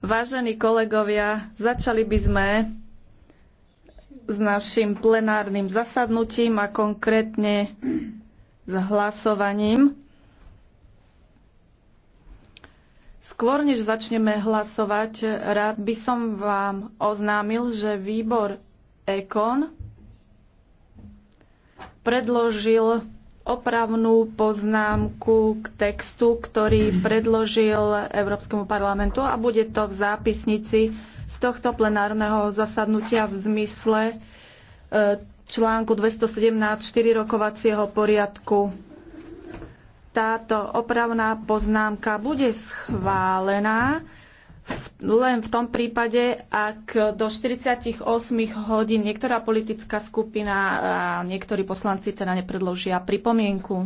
Vážení kolegovia, začali by sme s našim plenárnym zasadnutím a konkrétne s hlasovaním. Skôr než začneme hlasovať, rád by som vám oznámil, že výbor EKON predložil opravnú poznámku k textu, ktorý predložil Európskemu parlamentu a bude to v zápisnici z tohto plenárneho zasadnutia v zmysle e, článku 217 4 rokovacieho poriadku. Táto opravná poznámka bude schválená len v tom prípade, ak do 48 hodín niektorá politická skupina a niektorí poslanci teda nepredložia pripomienku.